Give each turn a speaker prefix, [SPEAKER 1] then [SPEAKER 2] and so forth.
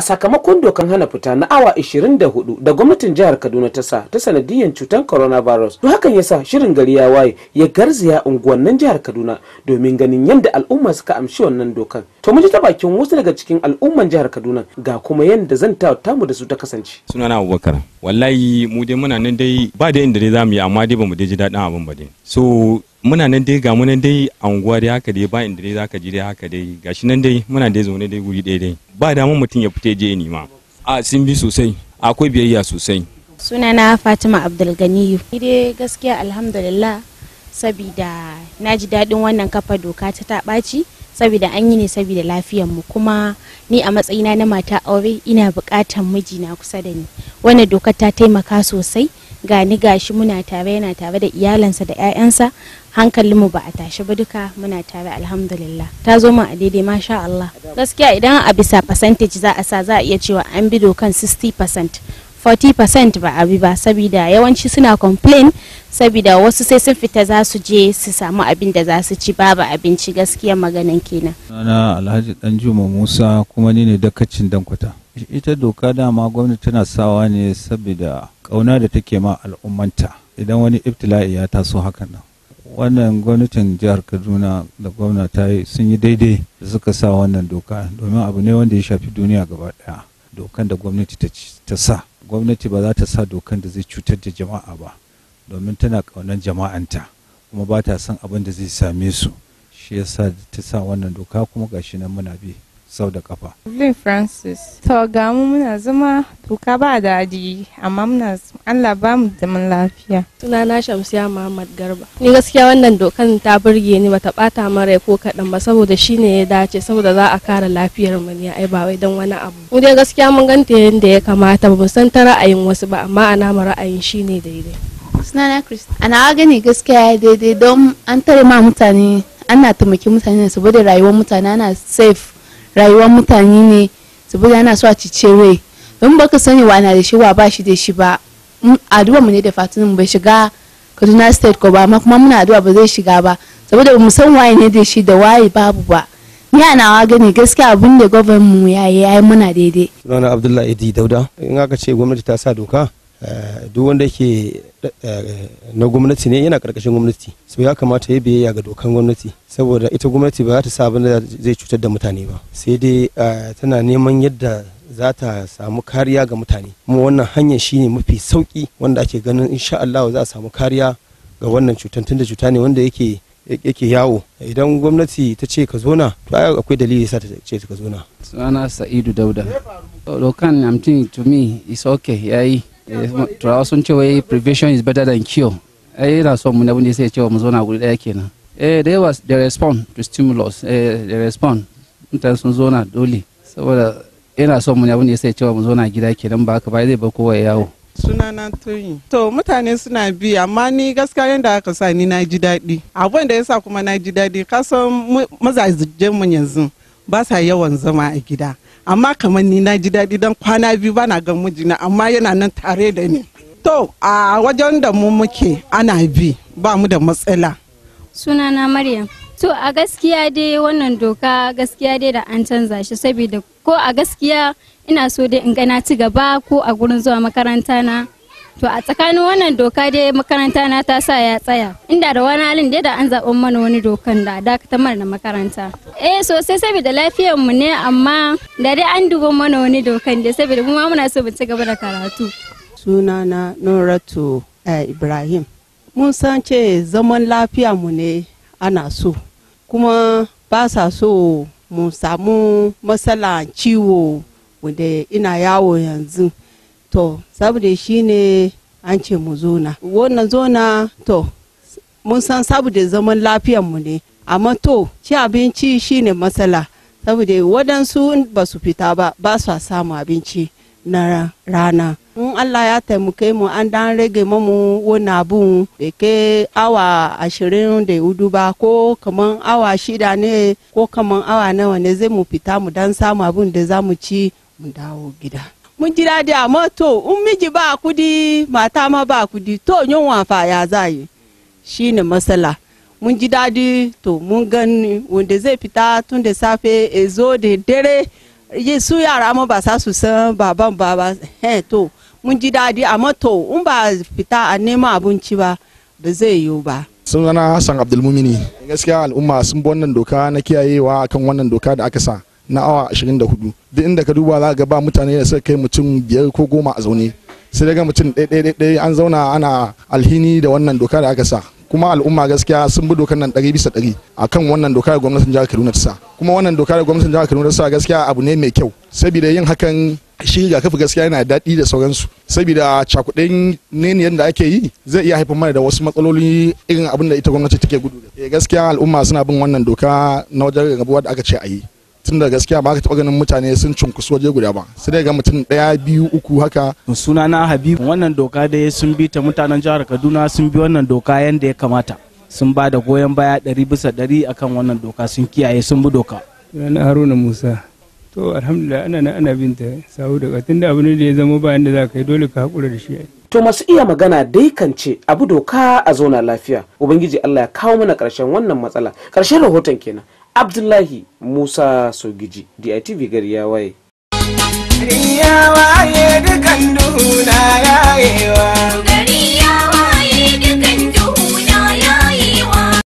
[SPEAKER 1] a sakamakon dokan hana fita na awa 24 da gwamnatin jihar kaduna ta sa ta sanadiyyar cutar coronavirus to hakan yasa shirin gari ya waye ya garzaya unguwannin jihar kaduna domin ganin yadda al'umma suka amshi wannan dokan to mu ji ta bakin wasu daga cikin al'umman jihar kaduna ga kuma yadda zan ta tamu da su ta kasance sunana abubakar wallahi mu dai muna nan dai ba da inda dai zamu yi amma dai bamu dai ji daɗin abin ba dai so muna nan dai ga munan dai anguwa dai haka dai ba inda dai zaka ji dai haka dai gashi nan dai muna dai zaune dai guri ɗaya dai ba daman mutum ya fita je nima a sun bi sosai akwai biyayya sosai sunana Fatima Abdulganiyu ni dai gaskiya alhamdulillah saboda na ji daɗin wannan kafa doka ta ta ɓaci sabida an yi ne sabida lafiyar mu kuma ni a matsayina na mata aure ina buƙatar mijina kusa da ni wannan dokar ta taimaka sosai gani gashi muna tare yana tare da iyalansa da 'ya'yansa mu ba a tashi ba duka muna tare alhamdulillah ta zo mu a daidai masha Allah gaskiya idan a bisa percentage za a sa za a iya cewa an bi dokan 60% 40% ba a bi ba saboda yawanci suna complain saboda wasu sai sun fita za su je su samu abin da za su ci babu abinci gaskiya maganan kenan. Sunana Alhaji Danjuma Musa kuma ni ne dakacin Dankwata. ita doka dama gwamnati tana sawa ne saboda Kauna da take ma al'ummanta idan wani iftila'i ya taso hakan nan wannan gwamnatin jihar kaduna da gwamna ta yi sun yi daidai da suka sa wannan doka domin abu ne wanda ya shafi duniya gaba daya dokan da gwamnati ta sa gwamnati ba za ta sa dokan da zai cutar da jama'a ba domin tana kaunar jama'anta kuma ba ta son abin da zai same su shi yasa ta sa wannan doka kuma gashi nan muna bi sau da kafa. Lin Francis, to ga mu muna zama tuka ba daɗi amma muna Allah ba mu zaman lafiya. Sunana Shamsiya Muhammad Garba. Ni gaskiya wannan dokan ta burge ni bata bata mara ko kaɗan ba saboda shi ne ya dace saboda za a kare lafiyar mu ne ai ba wai don wani abu. Mu dai gaskiya mun ganta yadda ya kamata ba mu san ta ra'ayin wasu ba amma ana mu ra'ayin ne daidai. Sunana Chris. Ana gani gaskiya daidai don an tare ma mutane ana taimaki mutane saboda rayuwar mutane ana safe rayuwar mutane ne saboda yana so a cice rai don baka sani wa na da shi wa ba shi da shi ba addu'a mu ne da fatan bai shiga Kaduna state ko ba amma kuma muna addu'a ba zai shiga ba saboda mu san waye ne da shi da waye babu ba ni ana wa gani gaskiya abin da gwamnatin mu yayi yayi muna daidai sunana Abdullahi Idi Dauda in aka ce gwamnati ta sa doka duk wanda ke eh, na gwamnati ne yana karkashin gwamnati so ya kamata ya biyayya ga dokan gwamnati saboda ita gwamnati ba za ta sa abin da zai cutar da mutane ba sai dai eh, tana neman yadda za ta samu kariya ga mutane kuma wannan hanyar shine mafi sauki wanda ake ganin insha Allah za a samu kariya ga wannan cutar tunda cuta ne wanda yake yake yawo idan gwamnati ta ce ka zona to akwai dalili sa ta ce ka zona sunana sa'idu dauda dokan amtin to me is okay yayi Eh, turawa sun ce wai prevention is better than cure ai yana son mu da wani sai cewa mu zauna guri daya kenan eh they was they respond to stimulus eh they respond mutane sun zauna dole saboda yana son mu ne wani da sai cewa mu zauna gida kenan ba haka ba zai bar kowa yawo sunana toyin to mutane suna bi amma ni gaskiya yadda aka sa ni na ji daɗi abin da yasa kuma na ji daɗi kasan mazajen mu yanzu ba sa yawan zama a gida amma kamar ni na ji daɗi dan kwana biyu bana ga mijina amma yana nan tare da ni to a wajen da mu muke ana bi ba mu da matsala sunana maryam to a gaskiya dai wannan doka gaskiya dai da an canza shi saboda ko a gaskiya ina so dai in ga na ci gaba ko a gurin zuwa makaranta na To a tsakanin wannan doka dai makaranta na ta sa ya tsaya. Inda da wani halin dai da an zaɓi mana wani dokan da dakatar mana makaranta. Eh sosai saboda lafiyar mu ne amma da dai an duba mana wani dokan da saboda mu ma muna so mu ci gaba da karatu. suna na Nuratu eh, Ibrahim. Mun san ce zaman lafiya mu ne ana so. Kuma ba sa so mu samu matsala ciwo wanda ina yawo yanzu. to saboda shi ne an ce mu zona wannan zona to mun san saboda zaman mu ne amma to ci abinci shi ne matsala saboda waɗansu ba su fita ba ba su samu abinci na rana in allah ya taimake mu an dan rage mamu wani abu da ke awa ashirin da hudu ba ko kaman awa shida ne ko kaman awa nawa ne zai mu fita mu dan samu abun da za mu ci mu dawo gida mun ji da amma to in miji ba kudi mata ma ba kudi to yunwa fa ya za yi ne matsala mun ji daɗi to mun gani wanda zai fita tun da safe e zo da dare su yara ma ba sa su san baban ba ba to mun ji daɗi amma to in ba fita a nema abinci ba ba zai yiwu ba sun zana hassan abdulmumini gaskiya al'umma sun bi wannan doka na kiyayewa akan wannan doka da aka sa na awa 24 duk inda ka duba za ga ba mutane da suka kai mutum biyar ko goma a zaune sai daga mutum ɗaya an zauna ana alhini da wannan doka da aka sa kuma al'umma gaskiya sun bi dokar nan ɗari bisa ɗari a kan wannan doka da gwamnatin jihar kaduna ta sa kuma wannan doka da gwamnatin jihar kaduna ta sa gaskiya abu ne mai kyau saboda yin hakan shi ga rigakafi gaskiya yana daɗi da sauransu saboda cakuɗin neniyar da ake yi zai iya haifar mana da wasu matsaloli irin abin da ita gwamnati take gudu eh, gaskiya al'umma suna bin wannan doka na wajen rabuwa da aka ce a yi tunda gaskiya ba ka taɓa ganin mutane sun cunkusu waje guda ba sai dai ga mutum ɗaya biyu uku haka suna na habibu wannan doka dai sun bi ta mutanen jihar kaduna sun bi wannan doka yadda ya kamata sun ba da goyon baya ɗari bisa ɗari akan wannan doka sun kiyaye sun bi doka na haruna musa to alhamdulillah ana na ana binta sau da tun da abu ne da ya zama bayan da za ka yi dole ka haƙura da shi to masu iya magana dai kan ce abu doka a zauna lafiya ubangiji allah ya kawo mana karshen wannan matsala karshen rahoton kenan abdullahi musa sogiji ditv gari ya waye gari ya waye dukan duna yayewa gari ya waye